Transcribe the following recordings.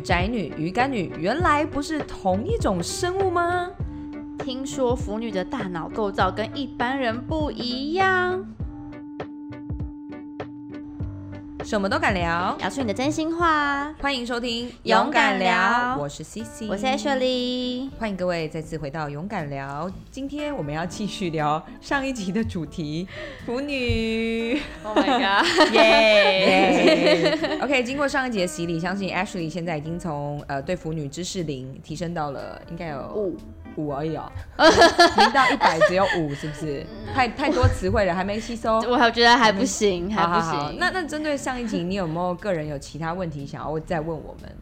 宅女、魚乾女，原來不是同一種生物嗎？聽說腐女的大腦構造跟一般人不一樣。什麼都敢聊，聊出你的真心話啊。歡迎收聽勇《勇敢聊》，我是 Sissi，我是 Ashley。歡迎各位再次回到《勇敢聊》，今天我們要繼續聊上一集的主題——腐女。Oh my god! OK，經過上一集的洗禮，相信 Ashley 現在已經從呃對腐女知識零提升到了應該有。哦五而已哦，零到一百只有五，是不是？ 嗯、太太多詞彙了，還沒吸收。我還覺得還不行，還，好好好還不行。那那針對上一集，你有沒有個人有其他問題想要再問我們？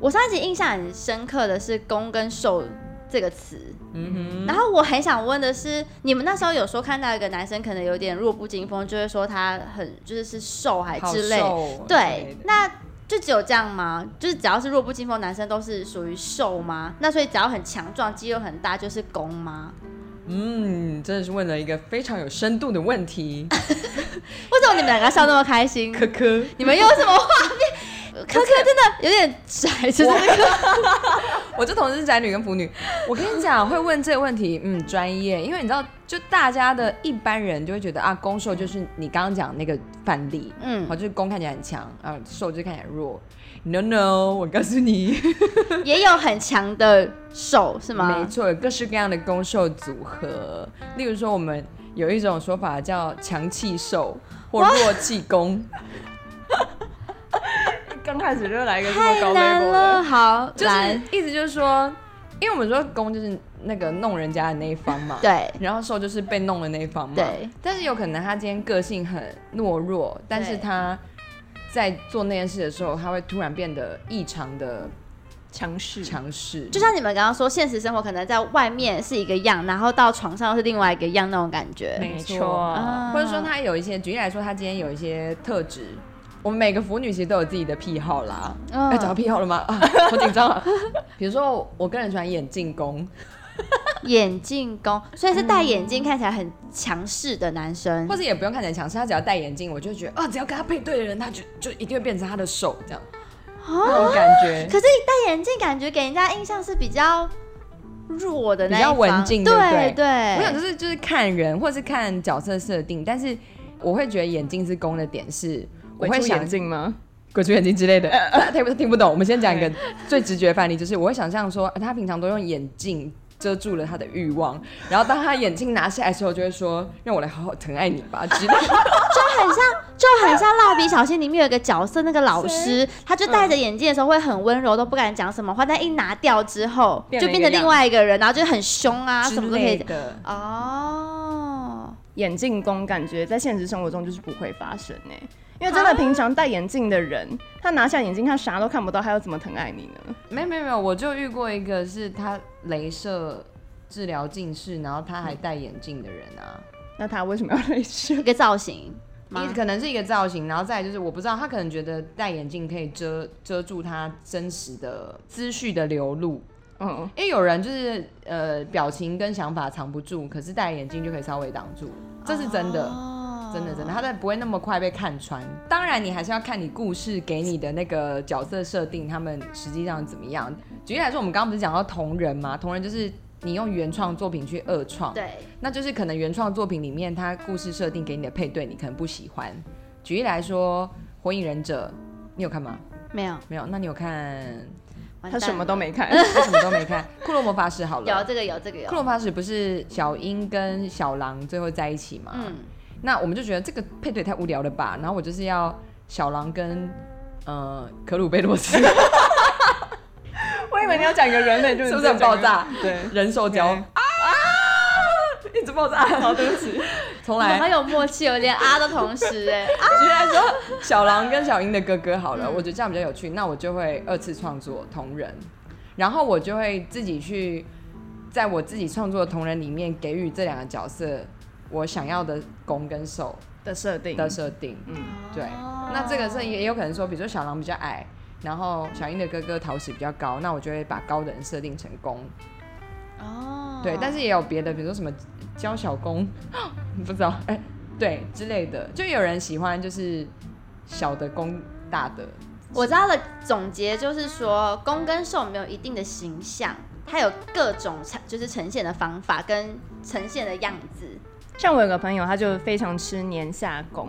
我上一集印象很深刻的是“攻”跟“受”這個詞。嗯哼。然後我很想問的是，你們那時候有時候看到一個男生可能有點弱不禁風，就會、是、說他很就是是受還之類。對，對，對，對，那。就只有這樣嗎？就是只要是弱不禁風的男生都是屬於受嗎？那所以只要很強壯、肌肉很大就是攻嗎？嗯，真的是問了一個非常有深度的問題。 為什麼你們兩個笑那麼開心？科科，你們有什麼畫面？科 科真的有點窄，就 我就同時是宅女跟腐女，我跟你講會問這個問題，嗯，專業，因為你知道，就大家的一般人就會覺得啊，攻受就是你剛剛講那個範例，嗯，好，就是攻看起來很強，啊，受就看起來弱，no no，我告訴你， 也有很強的受是嗎？沒錯，有各式各樣的攻受組合，例如說我們有一種說法叫強氣受或弱氣攻。哦 剛開始就來一個這麼高難度，好，就是意思就是說，因為我們說攻就是那個弄人家的那一方嘛，對。然後受就是被弄的那一方嘛，對。但是有可能他今天個性很懦弱，但是他在做那件事的時候，他會突然變得異常的強勢，強勢。就像你們剛剛說，現實生活可能在外面是一個樣，然後到床上是另外一個樣那種感覺，沒錯啊。或者說他有一些，舉例來說，他今天有一些特質。我每個腐女，其實都有自己的癖好啦，要、嗯欸、找到癖好了嗎？好緊張。我緊張了 比如說，我個人喜歡眼鏡工， 眼鏡工，所以是戴眼鏡看起來很強勢的男生，嗯、或者也不用看起來強勢，他只要戴眼鏡，我就會覺得啊、哦，只要跟他配對的人，他就就一定會變成他的手這樣，啊、那種感覺。可是戴眼鏡感覺給人家印象是比較弱的那，比較文靜。對對，我想就是就是看人或是看角色設定，但是我會覺得眼鏡是攻的點是。我會戴眼鏡嗎？鬼畜眼鏡之類的，他、呃呃、聽不聽不懂。我們先講一個最直覺的範例，就是 我會想象說、呃，他平常都用眼鏡遮住了他的欲望，然後當他眼鏡拿下來之後就會說，讓我來好好疼愛你吧，知道嗎 就很像，就很像《蠟筆小新》裡面有一個角色，那個老師，他就戴着眼鏡的時候會很溫柔，都不敢講什麼話，但一拿掉之後，就變成另外一個人，然後就很凶啊，什麼都可以類的哦。Oh, 眼鏡攻感覺在現實生活中就是不會發生誒、欸。因為真的，平常戴眼鏡的人、啊，他拿下眼鏡看啥都看不到，他又怎麼疼愛你呢？沒有，沒沒，我就遇過一個是他鐳射治療近視，然後他還戴眼鏡的人啊。那他為什麼要鐳射？ 一個造型？可能是一個造型，然後再來就是我不知道，他可能覺得戴眼鏡可以遮、遮住他真實的資訊的流露。嗯，因為有人就是呃表情跟想法藏不住，可是戴眼鏡就可以稍微擋住，這是真的。啊真的，真的，他在不會那麼快被看穿。當然，你還是要看你故事給你的那個角色設定，他們實際上怎麼樣。舉例來說，我們剛剛不是講到同人嗎？同人就是你用原創作品去二創，對，那就是可能原創作品裡面他故事設定給你的配對，你可能不喜歡。舉例來說，《火影忍者》你有看嗎？沒有，沒有。那你有看？他什麼都沒看，他什麼都沒看。 沒看《庫洛魔法使好了，有這個有，有這個，有。《庫洛法使不是小櫻跟小狼最後在一起嗎？嗯。那我們就覺得這個配對太無聊了吧？然後我就是要小狼跟呃可魯貝洛斯， 我以為你要講一個人類，就是這樣爆炸？ 對，人獸交、okay. 啊， 一直爆炸。 好，對不起，從 來很有默契，有點啊的同時、欸，哎，我居然說小狼跟小櫻的哥哥好了、 嗯，我覺得這樣比較有趣。那我就會二次創作同人，然後我就會自己去在我自己創作的同人裡面給予這兩個角色。我想要的攻跟受的設定的設定，嗯、哦，對。那這個是也有可能說，比如說小狼比較矮，然後小櫻的哥哥桃矢比較高，那我就會把高的人設定成攻。哦。對，但是也有別的，比如說什麼嬌小攻，不知道哎、欸，對之類的。就有人喜歡就是小的攻大的。我知道的總結就是說，攻跟受沒有一定的形象，它有各種就是呈現的方法跟呈現的樣子。像我有個朋友，他就非常吃年下攻。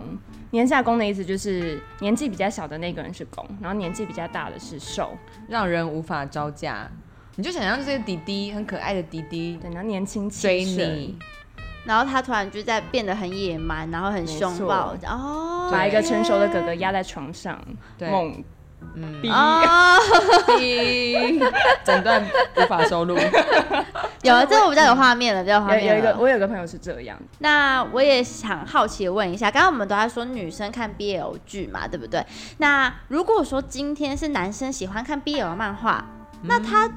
年下攻的意思就是年紀比較小的那個人是攻，然後年紀比較大的是受，讓人無法招架。你就想象這個弟弟，很可愛的弟弟，對，然後年輕追你，然後他突然就在變得很野蠻，然後很凶暴哦，把一個成熟的哥哥壓在床上猛。對嗯，第一，整段無法收錄。 有，啊，這個我比較有畫面了，比較畫面有有一個，我有一個朋友是這樣。那我也想好奇的問一下，剛剛我們都在說女生看 BL 劇嘛，對不對？那如果說今天是男生喜歡看 BL 漫畫，那他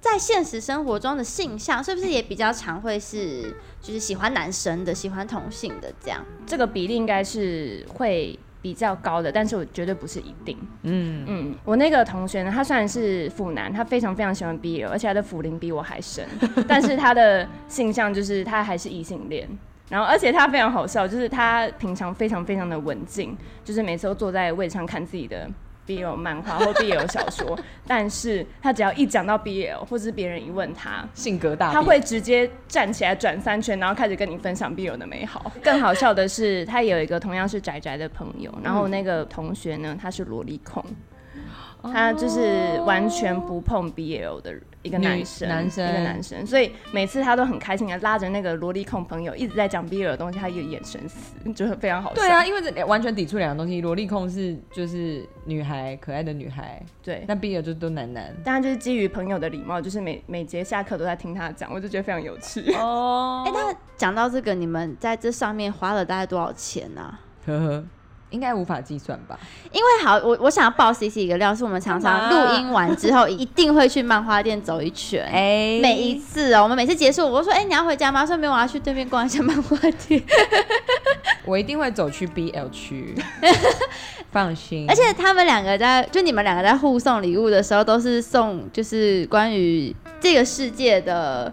在現實生活中的性向是不是也比較常會是就是喜歡男生的，喜歡同性的這樣？嗯、這個比例應該是會。比較高的，但是我絕對不是一定。嗯嗯，我那個同學呢，他雖然是腐男，他非常非常喜歡 BL，而且他的腐齡比我還深， 但是他的性向就是他還是異性戀。然後，而且他非常好笑，就是他平常非常非常的文靜，就是每次都坐在位置上看自己的。BL 漫畫或者 BL 小說， 但是他只要一講到 BL，或者是別人一問他性格大，他會直接站起來轉三圈，然後開始跟你分享 BL 的美好。 更好笑的是，他有一個同樣是宅宅的朋友，然後那個同學呢，他是蘿莉控，嗯，他就是完全不碰 BL 的人。一個男生，男生，一個男生，所以每次他都很開心的拉着那個蘿莉控朋友，一直在講 BL 的東西，他一眼神死，就是非常好笑。對啊，因為這、欸、完全抵觸兩個東西，蘿莉控是就是女孩，可愛的女孩，對，那 BL 就是都男男。當然就是基於朋友的禮貌，就是每每節下課都在聽他講，我就覺得非常有趣。哦、oh，哎、 欸，那講到這個，你們在這上面花了大概多少錢呢、啊？呵呵。應該無法計算吧，因為好，我我想要爆 C C 一個料，是我們常常錄音完之後一定會去漫畫店走一圈，欸、每一次哦、喔，我們每次結束，我都說，哎、欸，你要回家嗎？順便我要去對面逛一下漫畫店，我一定會走去 B L 區， 放心。而且他們兩個在，就你們兩個在互送禮物的時候，都是送就是關於這個世界的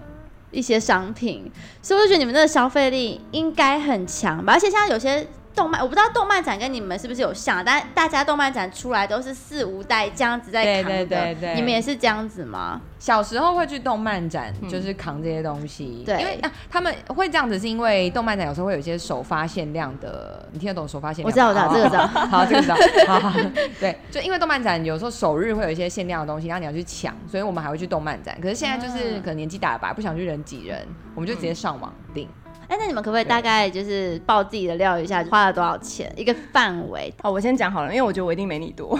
一些商品，所以我覺得你們的消費力應該很強吧，而且像有些。動漫，我不知道動漫展跟你們是不是有像，但大家動漫展出來都是四五代這樣子在扛的，對對對對，你們也是這樣子嗎？小時候會去動漫展，嗯，就是扛這些東西。對，因為、啊、他們會這樣子，是因為動漫展有時候會有一些首發限量的，你聽得懂首發限量？我知道，我知道，這個知道，好，啊， 這個知道好，啊。對，就因為動漫展有時候首日會有一些限量的東西，然後你要去搶，所以我們還會去動漫展。可是現在就是，嗯，可能年紀大了吧，不想去人擠人，我們就直接上網訂。哎，嗯，欸，那你們可不可以大概就是報自己的料一下，花了多少錢？一個範圍。哦， 我先講好了，因為我覺得我一定沒你多。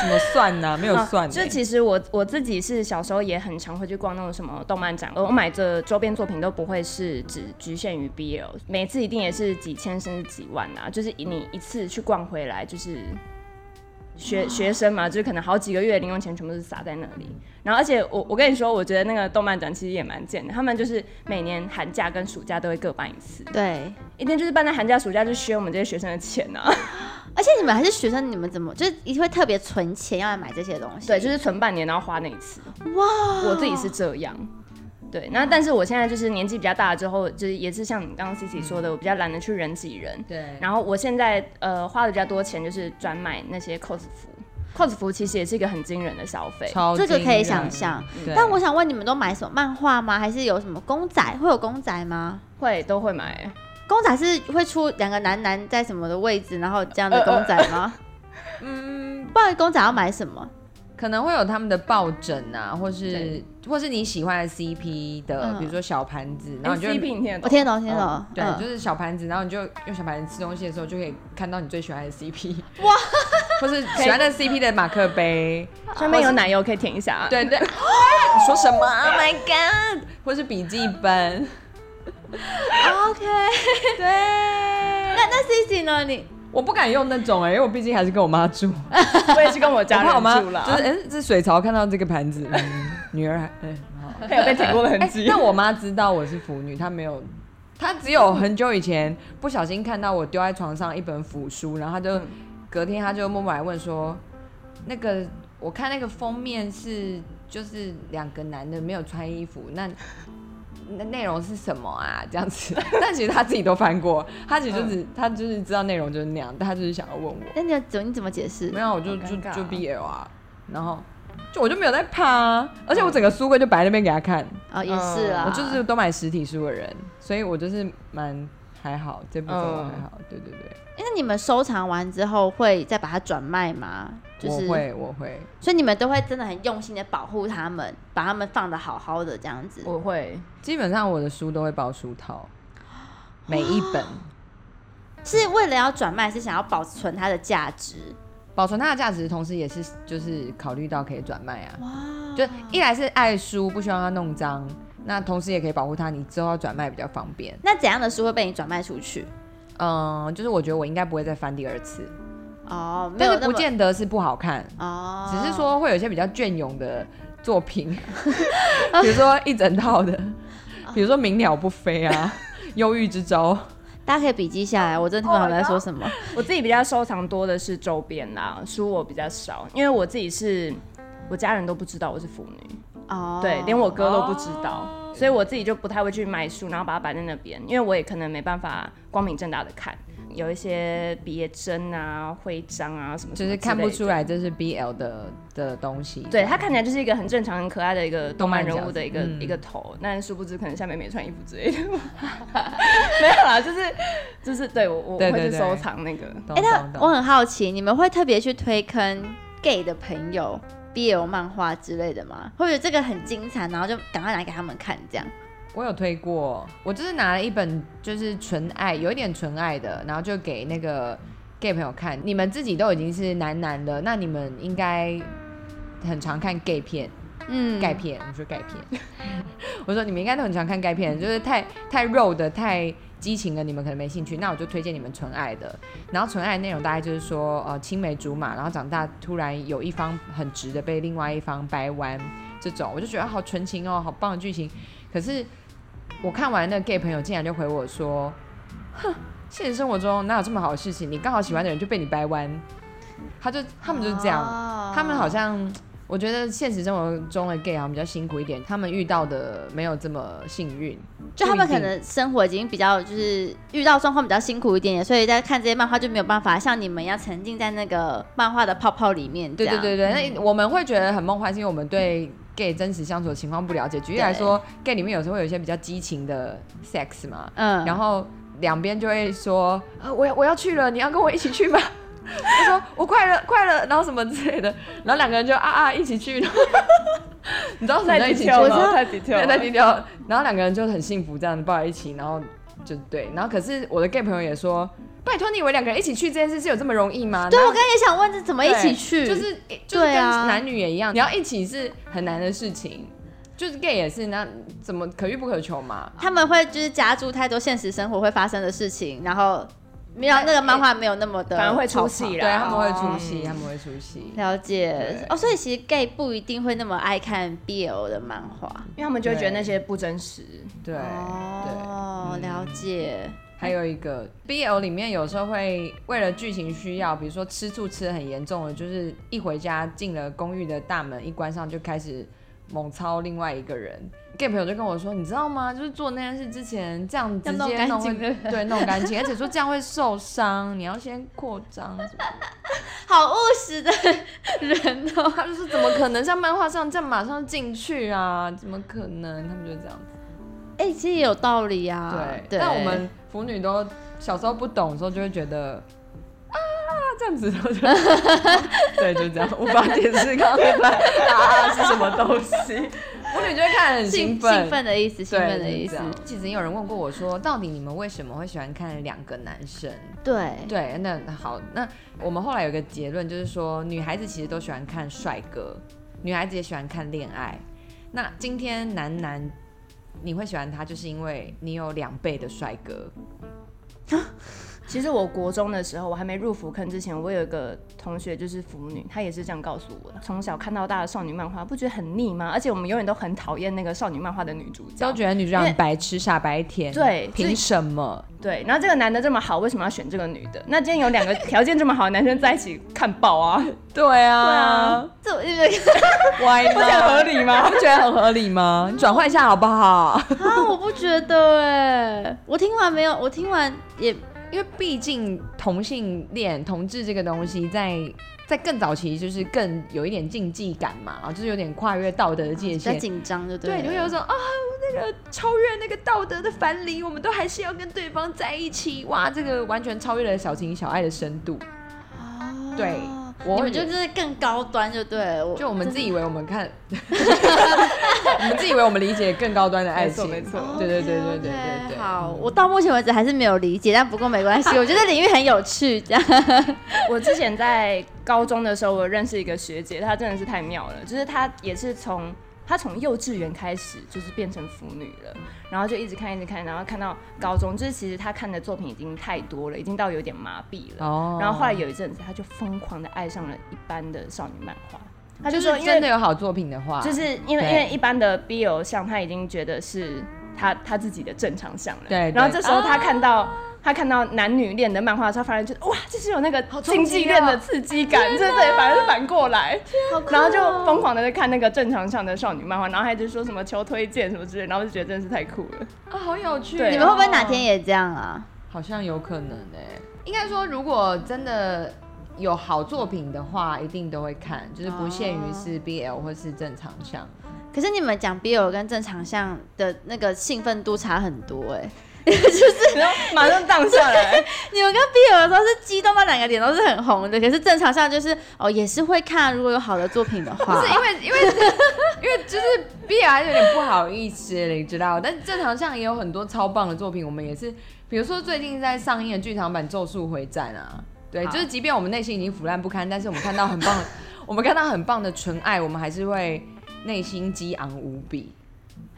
怎 麼算呢、啊？沒有算。就其實我我自己是小時候也很常會去逛那種什麼動漫展，我我買這周邊作品都不會是只侷限於 BL，每次一定也是幾千甚至幾萬、啊、就是你一次去逛回來，就是學學生嘛，就是可能好幾個月零用錢全部都撒在那裡。然後而且我我跟你說，我覺得那個動漫展其實也蠻賤的，他們就是每年寒假跟暑假都會各辦一次，對，一天就是辦在寒假暑假就削我們這些學生的錢啊。而且你們還是學生，你們怎麼就是會特別存錢要來買這些東西？對，就是存半年然後花那一次。哇、wow！我自己是這樣，對。Wow、那但是我現在就是年紀比較大了之後，就是也是像你剛剛 Sissi 說的、嗯，我比較懶得去人擠人。對。然後我現在呃花了比較多錢，就是專買那些 cos 服。cos 服其實也是一個很驚人的消費，超驚人，這個可以想象。但我想問，你們都買什麼？漫畫嗎？還是有什麼公仔？會有公仔嗎？會，都會買。公仔是會出兩個男男在什麼的位置，然後這樣的公仔嗎？嗯，不然公仔要買什麼？可能會有他們的抱枕啊，或是或是你喜歡的 CP 的，嗯、比如說小盤子，然後你就我聽,得懂,、哦、聽得懂，聽得懂、嗯，對，嗯、就是小盤子，然後你就用小盤子吃東西的時候就可以看到你最喜歡的 CP 哇，或是喜歡的 CP 的馬克杯，上 面、啊、有奶油可以舔一下啊，啊。對對,對、啊，你說什麼、啊、？Oh my god，或是筆記本。 OK，對， 那那 Sissi 呢？你我不敢用那種哎、欸，因為我畢竟還是跟我媽住， 我也是跟我家人住啦。我我媽就是哎、欸，是水槽看到這個盤子、 嗯，女兒還哎，有被舔過的痕跡。但我媽知道我是腐女， 她沒有，她只有很久以前不小心看到我丟在床上一本腐書，然後她就、嗯、隔天她就默默來問說，那個我看那個封面是就是兩個男的沒有穿衣服，那。那內容是什麼啊？這樣子， 但其實他自己都翻過，他其實就只他就是知道內容就是那樣，但他就是想要問我。那你要怎你怎麼解釋？沒有，我就，就就就 BL 啊，然後就我就沒有在怕、啊，而且我整個書櫃就擺那邊給他看哦，也是啊，我就是都買實體書的人，所以我就是蠻。還好，這部分還好。Oh. 對，對對對，因為你們收藏完之後會再把它轉賣嗎？就是，我會，我會。所以你們都會真的很用心的保護它們，把它們放得好好的這樣子。我會，基本上我的書都會包書套，每一本。是為了要轉賣，是想要保存它的價值。保存它的價值，同時也是就是考慮到可以轉賣啊。哇。就一來是愛書，不希望它弄髒。那同時也可以保護它，你之後要轉賣比較方便。那怎樣的書會被你轉賣出去？嗯，就是我覺得我應該不會再翻第二次。哦、oh,，但是不見得是不好看哦，oh. 只是說會有一些比較雋永的作品， 比如說一整套的，oh. 比如說《鳴鳥不飛》啊，《憂鬱之舟》。大家可以筆記下來，oh. 我真的聽不懂在說什麼。我自己比較收藏多的是周邊啦、啊，書我比較少，因為我自己是，我家人都不知道我是腐女。哦、oh,，對，連我哥都不知道，oh. 所以我自己就不太會去買書，然後把它擺在那邊，因為我也可能沒辦法光明正大的看。有一些別針啊、徽章啊、徽章啊什麼、什麼，就是看不出來這是 BL 的的東西。對，它看起來就是一個很正常、很可愛的一個動漫人物的一個、嗯、一個頭，但殊不知可能下面沒穿衣服之類的。 沒有啦，就是就是，對，我對，對，對，我會去收藏那個。哎，那、欸、我很好奇，你們會特別去推坑 gay 的朋友？BL 漫畫之類的嘛，或者這個很精彩，然後就趕快拿給他們看，這樣。我有推過，我就是拿了一本就是純愛，有一點純愛的，然後就給那個 gay 朋友看。你們自己都已經是男男的，那你們應該很常看 gay 片，嗯，鈣片，我說鈣片， 我說你們應該都很常看鈣片，就是太太肉的太。激情的你們可能沒興趣，那我就推薦你們純愛的。然後純愛內容大概就是說，呃，青梅竹馬，然後長大突然有一方很直的被另外一方掰彎，這種我就覺得好純情哦，好棒的劇情。可是我看完那個 gay 朋友竟然就回我說，哼，現實生活中哪有這麼好的事情？你剛好喜歡的人就被你掰彎，他就他們就是這樣，他們好像。我覺得現實生活中的 gay 啊比較辛苦一點，他們遇到的沒有這麼幸運，就他們可能生活已經比較就是遇到狀況比較辛苦一點點，所以在看這些漫畫就沒有辦法像你們一樣沉浸在那個漫畫的泡泡裡面。對對對對，那、嗯、我們會覺得很夢幻，是因為我們對 gay 真實相處的情況不了解。舉例來說，gay 裡面有時候會有一些比較激情的 sex 嘛，嗯，然後兩邊就會說，呃、我要我要去了，你要跟我一起去嗎？ 他說我快樂快樂，然後什麼之類的，然後兩個人就啊啊一起去， 你知道是在一起去嗎？在 在 然後兩個人就很幸福，這樣抱在一起，然後就對。然後可是我的 gay 朋友也說，拜託你，以為兩個人一起去這件事是有這麼容易嗎？對，我剛剛也想問，這怎麼一起去？就是就是、跟男女也一樣、啊，你要一起是很難的事情，就是 gay 也是那怎麼可遇不可求嘛？他們會就是夾住太多現實生活會發生的事情，然後。沒有那個漫畫沒有那麼的、欸欸，反正會出戲了。對，他們會出戲，他們會出戲、嗯。了解哦，所以其實 gay 不一定會那麼愛看 BL 的漫畫，因為他們就會覺得那些不真實。對，對哦對、嗯，了解。還有一個 BL 裡面有時候會為了劇情需要，比如說吃醋吃得很嚴重的很嚴重了，就是一回家進了公寓的大門一關上就開始猛操另外一個人。gay 朋友就跟我說：“你知道嗎？就是做那件事之前，這樣直接弄，會弄，弄會，對，弄乾淨， 而且說這樣會受傷，你要先擴張，好務實的人哦。”他就是怎麼可能像漫畫上這樣馬上進去啊？怎麼可能？他們就這樣子、欸。其實也有道理啊。嗯、對，對，但我們腐女都小時候不懂的時候，就會覺得。這樣子，對，就這樣無法解釋。剛剛答案是什麼東西？我感覺看得很興奮，興奮的意思，興奮的意思。其實也有人問過我說，到底你們為什麼會喜歡看兩個男生？對對，那好，那我們後來有個結論，就是說女孩子其實都喜歡看帥哥，女孩子也喜歡看戀愛。那今天男男，你會喜歡他，就是因為你有兩倍的帥哥。啊其實，我國中的時候，我還沒入腐坑之前，我有一個同學就是腐女，她也是這樣告訴我的：從小看到大的少女漫畫，不覺得很膩嗎？而且我們永遠都很討厭那個少女漫畫的女主角，都覺得女主角很白痴、傻白甜。對，憑什麼？對，然後這個男的這麼好，為什麼要選這個女的？那今天有兩個條件這麼好的男生在一起，看爆啊， 啊！對啊，對啊，這我覺歪嗎？這合理嗎？ 不覺得很合理嗎？你轉換一下好不好？啊，我不覺得哎、欸，我聽完沒有？我聽完也。因為畢竟同性戀、同志這個東西在，在在更早期就是更有一點禁忌感嘛，然後就是有點跨越道德的界限，比、哦、緊張，的對？對，你會有說啊、哦，那個超越那個道德的藩籬，我們都還是要跟對方在一起，哇，這個完全超越了小情小愛的深度，哦、對。你們就是更高端，就對了，就我們自以為我們看，我 們自以為我們理解更高端的愛情，沒錯，對，對，對，對,對，對,對，對,對，對，對、okay，對，對，對，好，我到目前為止還是沒有理解，但不過沒關係， 我覺得領域很有趣。這樣，我之前在高中的時候，我認識一個學姐，她真的是太妙了，就是她也是從。他從幼稚園開始就是變成腐女了，然後就一直看一直看，然後看到高中，就是其實他看的作品已經太多了，已經到有點麻痹了。Oh. 然後後來有一陣子，他就瘋狂的愛上了一般的少女漫畫。他就說，就是，真的有好作品的話，就是因為因為一般的 BL 像他已經覺得，是他他自己的正常像了。對對對，然後這時候他看到，oh.。他看到男女戀的漫畫的時候，反而覺得哇，這是有那個禁忌戀的刺激感，啊、對，對對，反而是反過來，啊，然後就瘋狂的在看那個正常向的少女漫畫，然後他就說什麼求推薦什麼之類，然後就覺得真的是太酷了啊、哦，好有趣，哦對，你們會不會哪天也這樣啊？好像有可能誒、欸，應該說如果真的有好作品的話，一定都會看，就是不限於是 BL 或是正常向。哦。可是你們講 BL 跟正常向的那個興奮度差很多哎、欸。 就是馬上蕩下來， 就是 就是、 你們跟 BL 的時候是激動到兩個臉都是很紅的，可是正常上就是哦，也是會看，如果有好的作品的話， 不是因為因為 因為就是 BL 還是有點不好意思你知道？但是正常上也有很多超棒的作品，我們也是，比如說最近在上映的劇場版《咒術回戰》啊，對，就是即便我們內心已經腐爛不堪，但是我們看到很棒， 我們看到很棒的純愛，我們還是會內心激昂無比。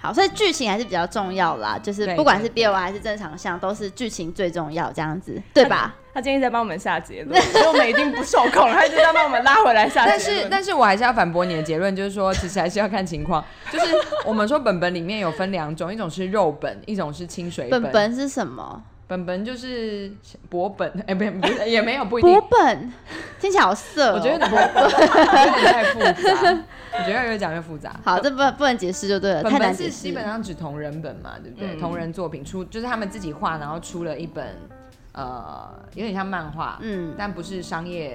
好，所以劇情還是比較重要啦，就是不管是 BL 還是正常向，都是劇情最重要這樣子，對吧？他今天在幫我們下結論， 所以我們已經不受控了，他就在幫我們拉回來下結論 但是，但是我還是要反駁你的結論，就是說，其實還是要看情況。 就是我們說本本裡面有分兩種，一種是肉本，一種是清水本。 本本是什麼？本本就是薄本，哎、欸，不不，也沒有不一定。薄本聽起來好色、喔，我覺得有點 太複雜。我 覺得越講越複雜。好，這不不能解釋就對了，本本太難解釋。是基本上指同人本嘛，對不對？嗯、同人作品出就是他們自己畫，然後出了一本，呃，有點像漫畫，嗯，但不是商業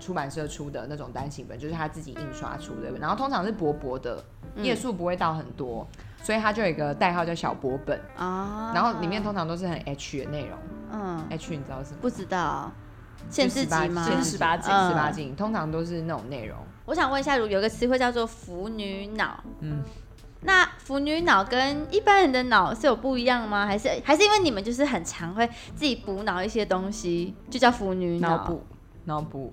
出版社出的那種單行本，就是他自己印刷出的。然後通常是薄薄的，頁數不會到很多，嗯，所以它就有一個代號叫小薄本啊。然後裡面通常都是很 H 的內容，嗯，H 你知道是什麼？不知道，限制級嗎？是十八禁，十八禁，通常都是那種內容。我想問一下，如有個詞彙叫做“腐女腦”，嗯，那腐女腦跟一般人的腦是有不一樣嗎？還是還是因為你們就是很常會自己補腦一些東西，就叫腐女腦？腦補、腦補、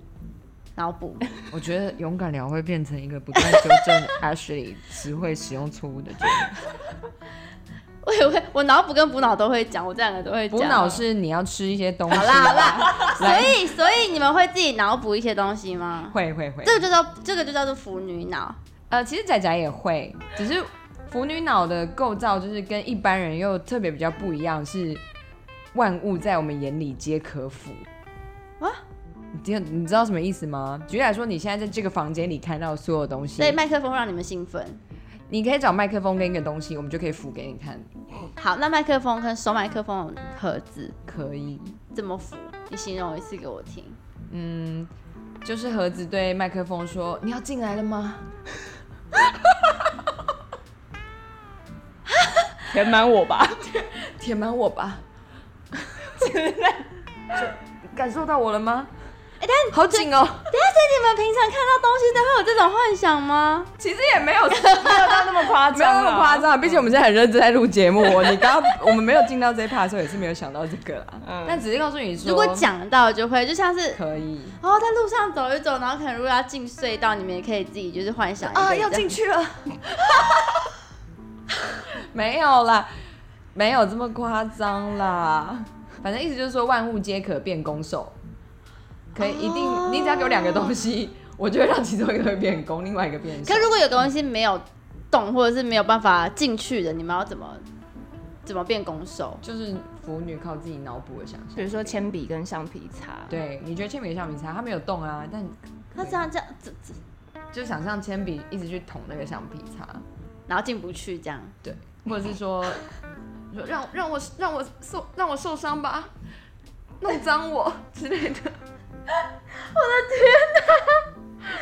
腦補。 我覺得勇敢聊會變成一個不斷糾正 Ashley 詞 彙使用錯誤的節目 我會，我腦補跟補腦都會講，我這兩個都會講。補腦是你要吃一些東西好好。好啦好啦， 所以所以你們會自己腦補一些東西嗎？會會會。這個就叫這個就叫做腐女腦。呃，其實宅宅也會，只是腐女腦的構造就是跟一般人又特別比較不一樣，是萬物在我們眼裡皆可腐。啊？你你知道什麼意思嗎？舉例來說，你現在在這個房間裡看到所有東西，所以麥克風會讓你們興奮。你可以找麥克風跟一個東西，我們就可以腐給你看。好，那麥克風跟手麥克風盒子可以怎麼腐？你形容一次給我聽。嗯，就是盒子對麥克風說：“你要進來了嗎？” 填滿我吧， 填滿我吧！ 就感受到我了嗎？好緊哦！等下是、喔、你們平常看到東西都會有這種幻想嗎？ 其實也沒有，沒有到那麼誇張，沒有那麼誇張。畢竟我們現在很認真在錄節目、喔，我 你剛剛我們沒有進到這一 part 的時候也是沒有想到這個啦。 嗯，但只是告訴你說，如果講到就會，就像是可以。然、哦、後在路上走一走，然後可能如果要進隧道，你們也可以自己就是幻想一下、哦。要進去了？ 沒有啦，沒有這麼誇張啦。反正意思就是說，萬物皆可變攻受。可以，一定你、Oh. 只要給我兩個東西，我就會讓其中一個會變攻，另外一個變。可如果有個東西沒有動，或者是沒有辦法進去的，你們要怎麼怎麼變攻受？就是腐女靠自己腦補的想象。比如說鉛筆跟橡皮擦。對，你覺得鉛筆跟橡皮擦，它沒有動啊，但它這樣這樣，這這這就想象鉛筆一直去捅那個橡皮擦，然後進不去這樣。對，或者是說，欸、說讓讓我讓我，讓我受讓我受傷吧，弄髒我、欸、之類的。 我的天哪！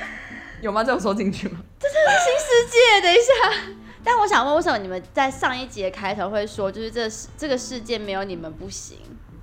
有嗎？這種說進去嗎？這是新世界。等一下，但我想問，為什麼你們在上一集開頭會說，就是這這個世界沒有你們不行？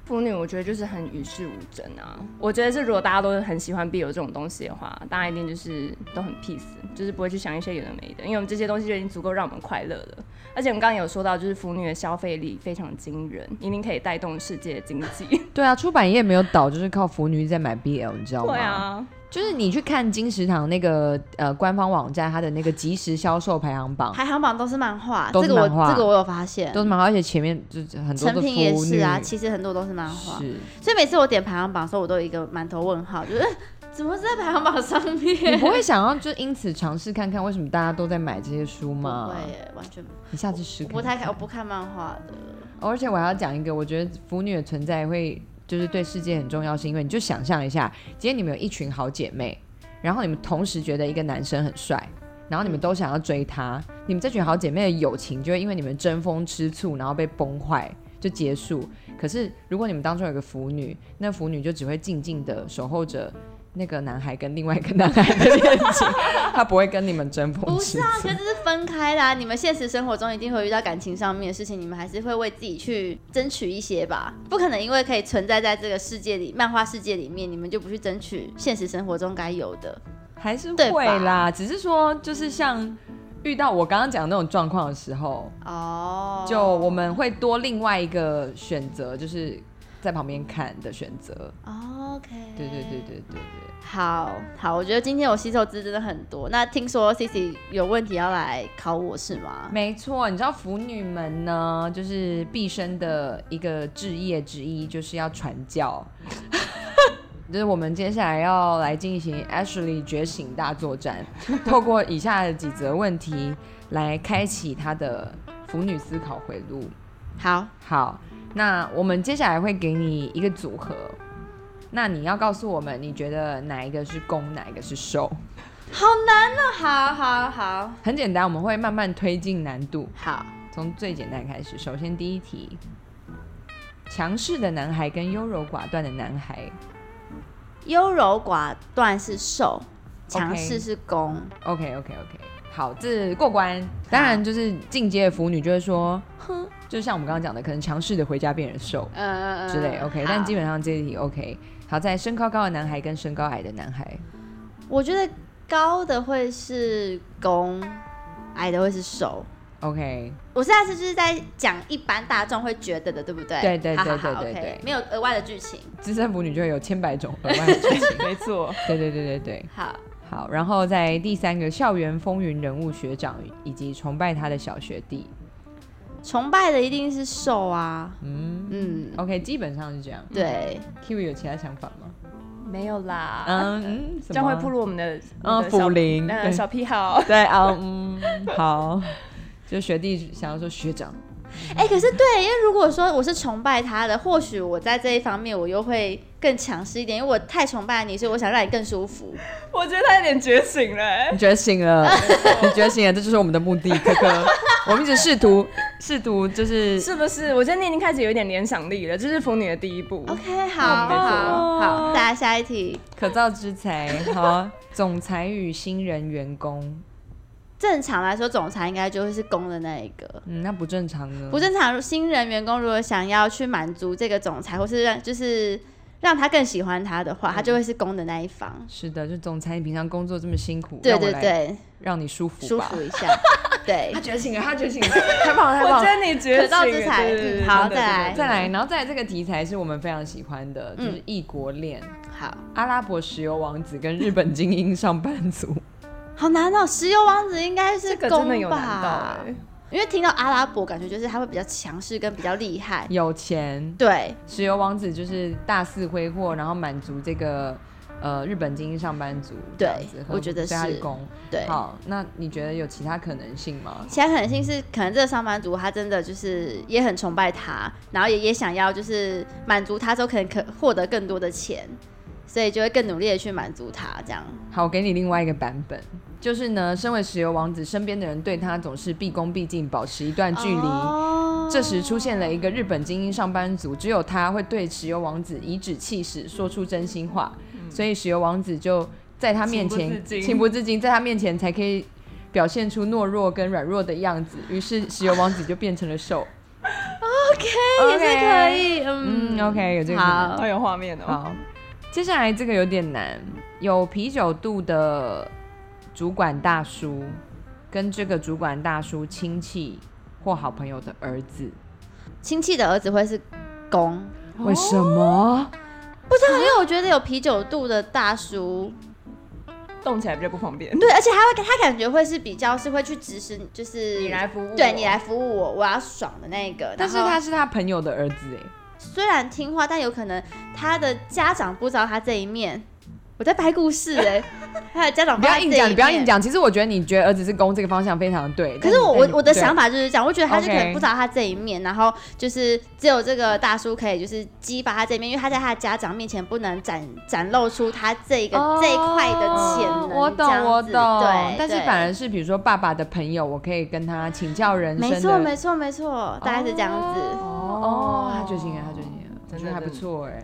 腐女，我覺得就是很與世無爭啊。我覺得是，如果大家都是很喜歡 BL 這種東西的話，大家一定就是都很 peace，就是不會去想一些有的沒的，因為我們這些東西就已經足夠讓我們快樂了。而且我們剛剛有說到，就是腐女的消費力非常驚人，一定可以帶動世界的經濟。對啊，出版業沒有倒，就是靠腐女在買 BL，你知道嗎？對啊。就是你去看金石堂那個呃官方網站，它的那個即時銷售排行榜，排行榜都是漫畫，這個我這個我有發現都是漫畫，而且前面就很多都。成品也是啊，其實很多都是漫畫，所以每次我點排行榜的時候，我都有一個滿頭問號，就是怎麼是在排行榜上面？你不會想要就因此嘗試看看為什麼大家都在買這些書嗎？對，完全。你下次試？不太看，我不看漫畫的、哦。而且我還要講一個，我覺得腐女的存在會。就是對世界很重要，是因為你就想象一下，今天你們有一群好姐妹，然後你們同時覺得一個男生很帥，然後你們都想要追他，你們這群好姐妹的友情就會因為你們爭風吃醋，然後被崩壞就結束。可是如果你們當中有個腐女，那腐女就只會靜靜地守候着那個男孩跟另外一個男孩的戀情，他不會跟你們爭風吃醋。不是啊，可、就是是分開啦。你們現實生活中一定會遇到感情上面的事情，你們還是會為自己去爭取一些吧？不可能，因為可以存在在這個世界裡，漫畫世界裡面，你們就不去爭取現實生活中該有的，還是會啦。只是說，就是像遇到我剛剛講的那種狀況的時候，哦、oh.，就我們會多另外一個選擇，就是。在旁邊看的選擇、oh,，OK，對對對對對，對，對，對，好好，我覺得今天我吸收值真的很多。那聽說 Sissi 有問題要來考我是嗎？沒錯，你知道腐女們呢，就是畢生的一個志業之一，就是要傳教。 就是我們接下來要來進行 Ashely 覺醒大作戰，透過以下的幾則問題來開啟她的腐女思考回路。好，好。那我們接下來會給你一個組合，那你要告訴我們，你覺得哪一個是攻，哪一個是受？好難喔，好好好，很簡單，我們會慢慢推進難度。好，從最簡單開始。首先第一題，強勢的男孩跟優柔寡斷的男孩，優柔寡斷是受，強勢是攻。OK OK OK, okay. 好，這過關。當然，就是進階的腐女就會說，哼，就像我們剛剛講的，可能強勢的回家變人瘦，嗯嗯嗯之類。OK，但基本上這一題 OK。好，在身高高的男孩跟身高矮的男孩，我覺得高的會是攻，矮的會是受。OK，我現在是就是在講一般大眾會覺得的，對不對？對對對對對，沒有額外的劇情。資深腐女就會有千百種額外的劇情， 沒錯。對對對對對，好。好，然後在第三個校園風雲人物學長，以及崇拜他的小學弟，崇拜的一定是受啊，嗯嗯，OK，基本上是這樣。對，Kiwi 有其他想法嗎？沒有啦，嗯嗯，將、嗯、會步入我們的嗯輔、嗯、林。嗯、小癖好，對啊 嗯好，就學弟想要說學長。哎、欸，可是對，因為如果說我是崇拜他的，或許我在這一方面我又會更強勢一點，因為我太崇拜你，所以我想讓你更舒服。我覺得他有點覺醒了、欸，你覺醒了，啊、 你覺醒了，這就是我們的目的，哥哥 我們一直試圖，試圖就是是不是？我覺得你已經開始有一點聯想力了，這、就是腐女的第一步。OK，好、哦、好好，好，大家下一題。可造之才，好， 總裁與新人員工。正常來說，總裁應該就會是攻的那一個。嗯，那不正常呢？不正常，新人員工如果想要去滿足這個總裁，嗯、或是讓就是讓他更喜歡他的話，嗯、他就會是攻的那一方。是的，就總裁，你平常工作這麼辛苦，對對對，讓，讓你舒服吧，舒服一下。 對，他覺醒了，他覺醒了， 他不 好，他不了，我真的覺醒了。好，再來再來，然後再來這個題材是我們非常喜歡的，嗯、就是異國戀。好，阿拉伯石油王子跟日本精英上班族。 好難哦、喔，石油王子應該是公吧，這個有難道欸？因為聽到阿拉伯，感覺就是他會比較強勢，跟比較厲害，有錢。對，石油王子就是大肆揮霍，然後滿足這個呃日本精英上班族。對，我覺得是公。對，好，那你覺得有其他可能性嗎？其他可能性是，可能這個上班族他真的就是也很崇拜他，然後也也想要就是滿足他之後，可能可獲得更多的錢。所以就會更努力的去滿足他，這樣。好，我給你另外一個版本，就是呢，身為石油王子，身邊的人對他總是畢恭畢敬，保持一段距離、oh。這時出現了一個日本精英上班族，只有他會對石油王子頤指氣使、嗯，說出真心話、嗯。所以石油王子就在他面前情不，情不自禁，在他面前才可以表現出懦弱跟軟弱的樣子。於是石油王子就變成了受。 okay, OK，也是可以。嗯，嗯，OK，有這個好，有畫面的。哦。接下來這個有點難，有啤酒肚的主管大叔，跟這個主管大叔親戚或好朋友的兒子，親戚的兒子會是公？為什麼？哦？不知道，因為我覺得有啤酒肚的大叔動起來比較不方便。對，而且他會他感覺會是比較是會去指使，就是你來服務我，對，你來服務我，我要爽的那個。但是他是他朋友的兒子哎、欸。雖然聽話，但有可能他的家長不知道他這一面。我在拍故事哎、欸， 他的家長不要硬講，你不要硬講。其實我覺得，你覺得兒子是攻這個方向非常的對。可是我我我的想法就是這樣，我覺得他是可能不知道他這一面，okay. 然後就是只有這個大叔可以就是激發他這一面，因為他在他的家長面前不能展展露出他這一個、哦、這一塊的潛能、哦。我懂我懂對，對。但是反而是比如說爸爸的朋友，我可以跟他請教人生。沒錯沒錯沒錯、哦，大概是這樣子。哦哦、oh, oh，他劇情啊，他劇情，我覺得還不錯哎、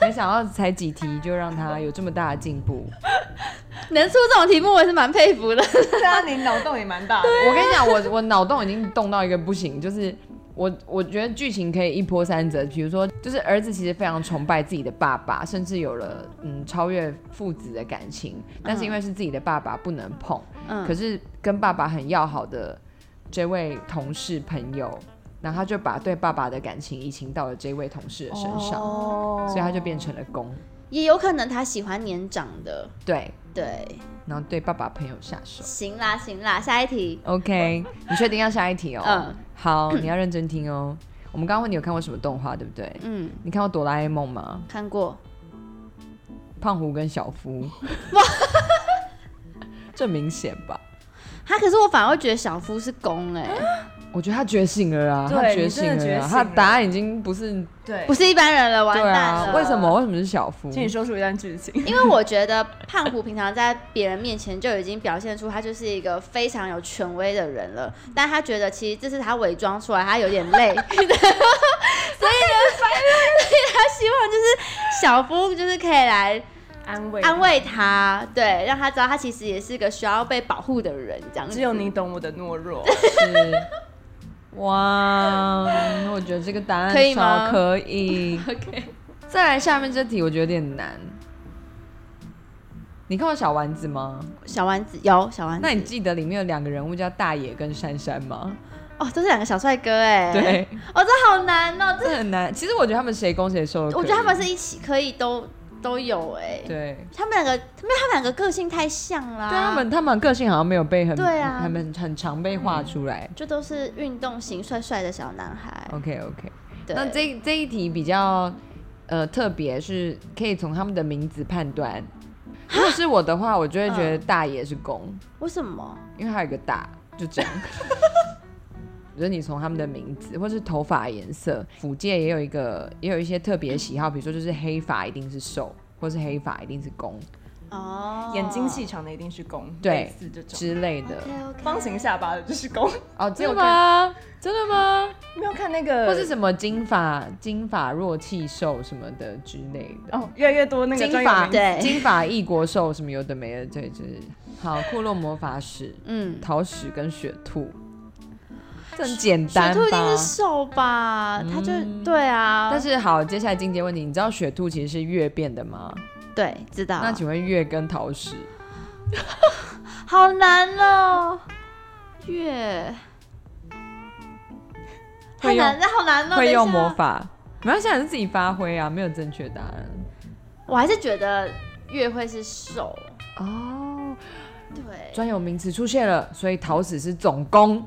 欸， 沒想到才幾題就讓他有這麼大的進步， 能出這種題目，我也是蠻佩服的，那 你腦洞也蠻大的、啊。我跟你講，我我腦洞已經動到一個不行，就是我我覺得劇情可以一波三折，比如說就是兒子其實非常崇拜自己的爸爸，甚至有了嗯超越父子的感情，但是因為是自己的爸爸不能碰，嗯、可是跟爸爸很要好的這位同事朋友。然後他就把對爸爸的感情移情到了這位同事的身上，哦、所以他就變成了攻。也有可能他喜歡年長的，對對。然後對爸爸朋友下手。行啦行啦，下一題。OK，你確定要下一題哦？嗯、好，你要認真聽哦。 我們剛剛問你有看過什麼動畫，對不對？嗯。你看過《哆啦 A 夢》嗎？看過。胖虎跟小夫。 哇 這明顯吧？他可是我反而會覺得小夫是攻哎、欸。 我覺得他覺醒了啊！他覺醒了，你真的覺醒了，他答案已經不是，對，不是一般人了。完蛋了！啊、為什麼？為什麼是小夫？請你說出一段劇情。因為我覺得胖虎平常在別人面前就已經表現出他就是一個非常有權威的人了，嗯、但他覺得其實這是他偽裝出來，他有點累， 所以所以他希望就是小夫就是可以來安慰安慰他， 對，讓他知道他其實也是個需要被保護的人，這樣子。只有你懂我的懦弱。是。哇、wow, 我覺得這個答案可以嗎？可以。 Okay. 再來下面這題，我覺得有點難。你看過小丸子嗎？小丸子，有小丸子。那你記得裡面有兩個人物叫大野跟珊珊嗎？哦，這是兩個小帥哥哎、欸。對。哦，這好難哦，這很難。其實我覺得他們誰攻誰受？我覺得他們是一起，可以都。都有哎、欸，對，他們兩個，沒他們兩個個性太像了。對，他們他們個性好像沒有被很對啊，很很常被畫出來、嗯，就都是運動型帥帥的小男孩。OK OK，對那這一這一題比較呃特別，是可以從他們的名字判斷。如果是我的話，我就會覺得大爺是公，為、嗯、什麼？因為他有個大，就這樣。 覺、就、得、是、你從他們的名字，或是頭髮顏色，腐界也有一個，也有一些特別喜好，比如說就是黑髮一定是受，或是黑髮一定是攻。哦、oh.。眼睛細長的一定是攻。對這種。之類的。Okay, okay. 方形下巴的就是攻。哦？真的嗎？Okay. 真的嗎？沒有看那個。或是什麼金髮，金髮弱氣受什麼的之類的。哦、oh,，越來越多那個。金髮對。金髮異國受什麼有的沒的對對。好，庫洛魔法使。 嗯。桃矢跟雪兔。這很簡單吧，雪兔一定是受吧？它、嗯、就對啊。但是好，接下來進階問題，你知道雪兔其實是月變的嗎？對，知道。那請問月跟桃矢 好難哦、喔。月，太難了，好難嗎、喔？會用魔法，沒有，現在是自己發揮啊，沒有正確答案。我還是覺得月會是受哦。Oh, 對，專有名詞出現了，所以桃矢是總攻。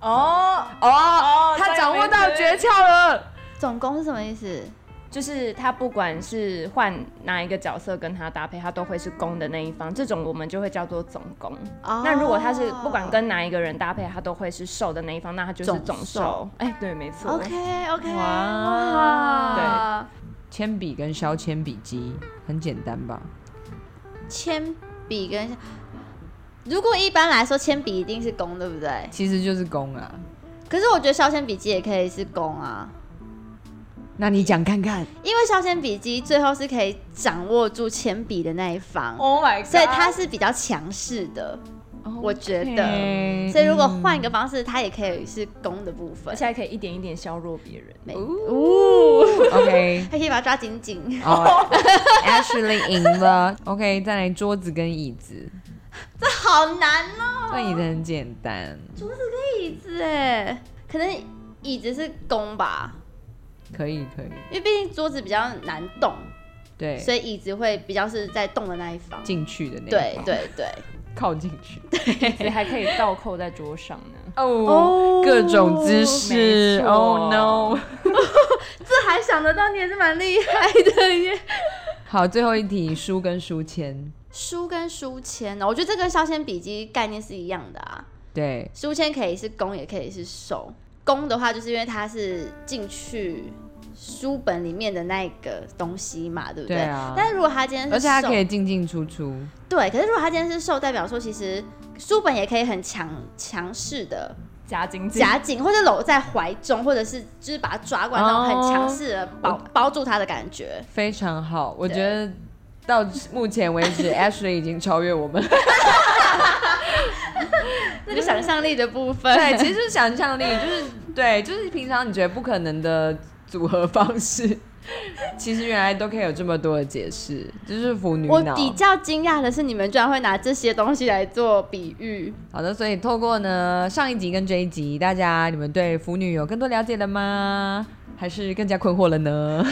哦哦，哦，他掌握到訣竅了。總攻是什麼意思？就是他不管是換哪一個角色跟他搭配，他都會是攻的那一方，這種我們就會叫做總攻。Oh. 那如果他是不管跟哪一個人搭配，他都會是受的那一方，那他就是總受。哎、欸，對，沒錯。OK OK。哇。對。鉛筆跟削鉛筆機很簡單吧？鉛筆跟。如果一般來說，鉛筆一定是攻，對不對？其實就是攻啊。可是我覺得削鉛筆機也可以是攻啊。那你講看看，因為削鉛筆機最後是可以掌握住鉛筆的那一方。Oh my god！所以它是比較強勢的、Okay，我覺得。所以如果換一個方式，它、嗯、也可以是攻的部分，而且可以一點一點削弱別人。哦，OK，還 可以把它抓緊緊。Oh, Actually，Ashley 贏 了。OK，再來桌子跟椅子。這好難哦！這椅子很簡單，桌子跟椅子哎，可能椅子是攻吧，可以可以，因為畢竟桌子比較難動，對，所以椅子會比較是在動的那一方，進去的那一方對對對，靠進去，對，所 以還可以倒扣在桌上呢，哦、oh, oh，各種姿勢哦、oh, no， 這還想得到，你也是蠻厲害的耶。好，最後一題，書跟書籤。書跟書籤呢？我覺得這個消遣筆記概念是一樣的啊。對，書籤可以是攻，也可以是受。攻的話，就是因為它是進去書本裡面的那個東西嘛，對不對？對啊。但是如果它今天是而且它可以進進出出。對，可是如果它今天是受，代表說其實書本也可以很強強勢的夾緊、夾緊，或者摟在懷中，或者是就是把它抓過來那種，然後很強勢的包包住它的感覺。非常好，我覺得。到目前為止，Ashely 已經超越我們。 那個想象力的部分，對，其實是想象力，就是對，就是平常你覺得不可能的組合方式，其實原來都可以有這麼多的解釋，就是腐女。我比較驚訝的是，你們居然會拿這些東西來做比喻。好的，所以透過呢上一集跟這一集，大家你們對腐女有更多了解了嗎？還是更加困惑了呢？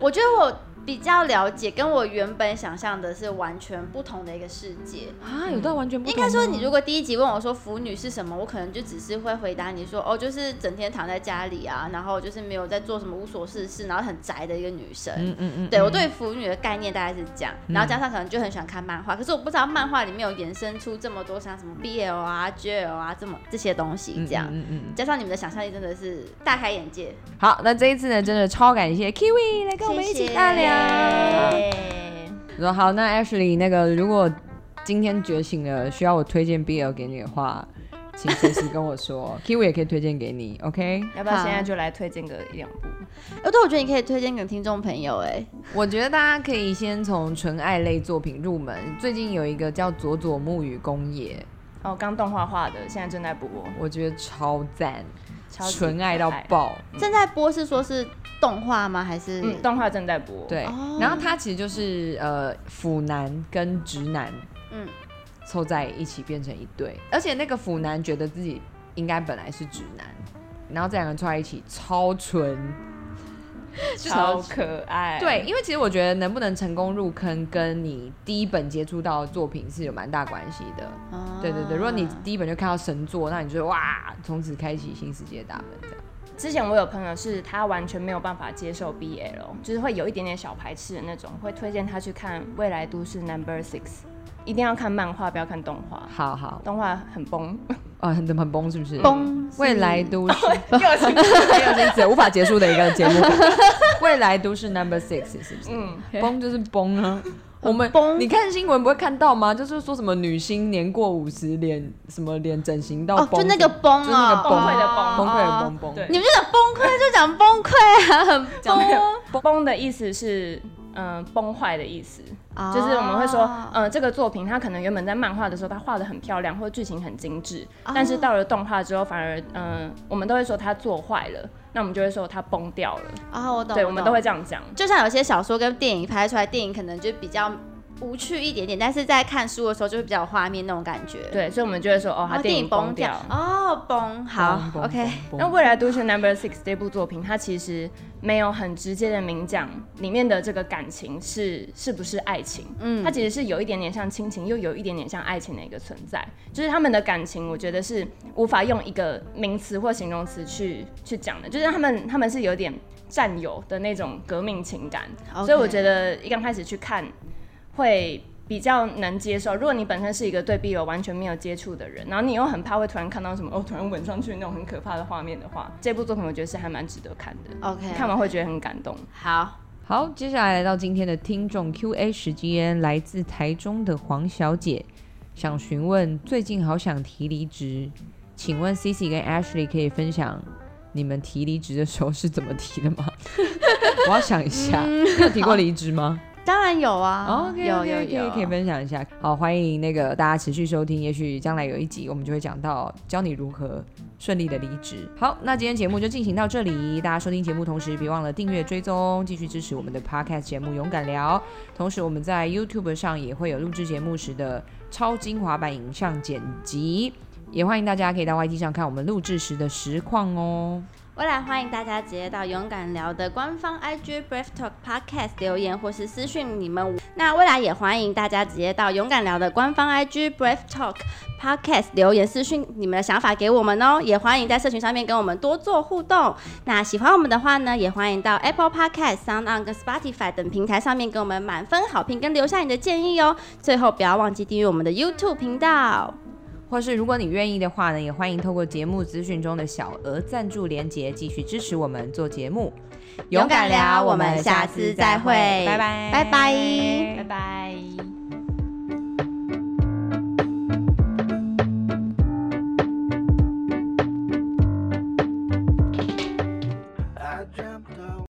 我覺得我。比較了解，跟我原本想象的是完全不同的一個世界啊，有到完全不同。嗯。應該說，你如果第一集問我說腐女是什麼，我可能就只是會回答你說，哦，就是整天躺在家裡啊，然後就是沒有在做什麼無所事事，然後很宅的一個女生。嗯嗯嗯。對，我對腐女的概念大概是這樣，嗯、然後加上可能就很喜歡看漫畫，可是我不知道漫畫裡面有延伸出這麼多像什麼 BL 啊、GL 啊這麼這些東西這樣。嗯嗯，嗯，嗯加上你們的想象力真的是大開眼界。好，那這一次呢，真的超感謝 Kiwi 來跟我們一起看聊。謝謝 Hey. 好，好，那 Ashley 那個，如果今天覺醒了，需要我推薦 BL 給你的話，請隨時跟我說。 Kiwi 也可以推薦給你，OK？要不要現在就來推薦個一兩部？哎、哦，對，我覺得你可以推薦給聽眾朋友。哎，我覺得大家可以先從純愛類作品入門。最近有一個叫《佐佐木與宮野》哦，剛動畫化的，現在正在播，我覺得超讚，純愛，愛到爆。正在播是說是。動畫嗎？還是、嗯、動畫正在播？對，oh. 然後它其實就是呃腐男跟直男，嗯，湊在一起變成一對，嗯、而且那個腐男覺得自己應該本來是直男，嗯、然後這兩個人湊在一起超純，超可, 超可愛。對，因為其實我覺得能不能成功入坑，跟你第一本接觸到的作品是有蠻大關係的。Oh. 對對對，如果你第一本就看到神作，那你就哇，從此開啟新世界大門這樣。之前我有朋友是他完全沒有辦法接受 BL，就是會有一點點小排斥的那種，會推薦他去看《未來都市 Number Six》，一定要看漫畫，不要看動畫。好好，動畫很崩，啊、哦，很很崩，是不是？崩！未來都市又結束，又結 又 又 又 又 無法結束的一個節目。 未來都市 Number Six 是不是？嗯，崩就是崩啊。 我們崩，你看新聞不會看到嗎？就是說什麼女星年過五十，臉什麼臉整形到崩就、哦、就那個崩啊，就那個崩，崩潰的崩，崩潰的崩崩。你們就講崩潰就講崩潰啊，崩啊、講那個、崩的意思是。嗯、呃，崩壞的意思、哦，就是我們會說，嗯、呃，這個作品它可能原本在漫畫的時候它畫得很漂亮，或者劇情很精致、哦，但是到了動畫之後反而，嗯、呃，我們都會說它做壞了，那我們就會說它崩掉了。啊、哦，我懂，對，我，我們都會這樣講。就像有些小說跟電影拍出來，電影可能就比較。無趣一點點，但是在看書的時候就會比較有畫面那種感覺。對，所以我們就會說，哦，它電影崩掉，哦，崩，好，OK。那未來都市 Number Six 這部作品、哦，它其實沒有很直接的明講裡面的這個感情是是不是愛情，嗯，它其實是有一點點像親情，又有一點點像愛情的一個存在。就是他們的感情，我覺得是無法用一個名詞或形容詞去去講的，就是他們他們是有點戰友的那種革命情感。Okay、所以我覺得一剛開始去看。會比較能接受。如果你本身是一個對 BL 完全沒有接觸的人，然後你又很怕會突然看到什麼哦，突然吻上去那種很可怕的畫面的話，這部作品我覺得是還蠻值得看的。OK，看完會覺得很感動。Okay. 好，好，接下來來到今天的聽眾 Q&A 時間，來自台中的黃小姐想詢問，最近好想提離職，請問 Sissi 跟 Ashley 可以分享你們提離職的時候是怎麼提的嗎？ 我要想一下，嗯、你有提過離職嗎？當然有啊 okay, okay, 有有有可，可以分享一下。好，歡迎那個大家持續收聽，也許將來有一集我們就會講到教你如何順利的離職。好，那今天節目就進行到這裡，大家收聽節目同時別忘了訂閱追蹤，繼續支持我們的 Podcast 節目《勇敢聊》。同時我們在 YouTube 上也會有錄製節目時的超精華版影像剪輯，也歡迎大家可以到 YT 上看我們錄製時的實況哦。未來歡迎大家直接到勇敢聊的官方 IG Brave Talk Podcast 留言或是私訊你們。那未來也歡迎大家直接到勇敢聊的官方 IG Brave Talk Podcast 留言私訊你們的想法給我們哦。也歡迎在社群上面跟我們多做互動。那喜歡我們的話呢，也歡迎到 Apple Podcast、Sound On、跟 Spotify 等平台上面給我們滿分好評跟留下你的建議哦。最後不要忘記訂閱我們的 YouTube 頻道。或是如果你願意的話呢，也歡迎透過節目資訊中的小額贊助連結繼續支持我們做節目。勇敢聊，我們下次再會，拜拜拜拜拜拜。拜拜拜拜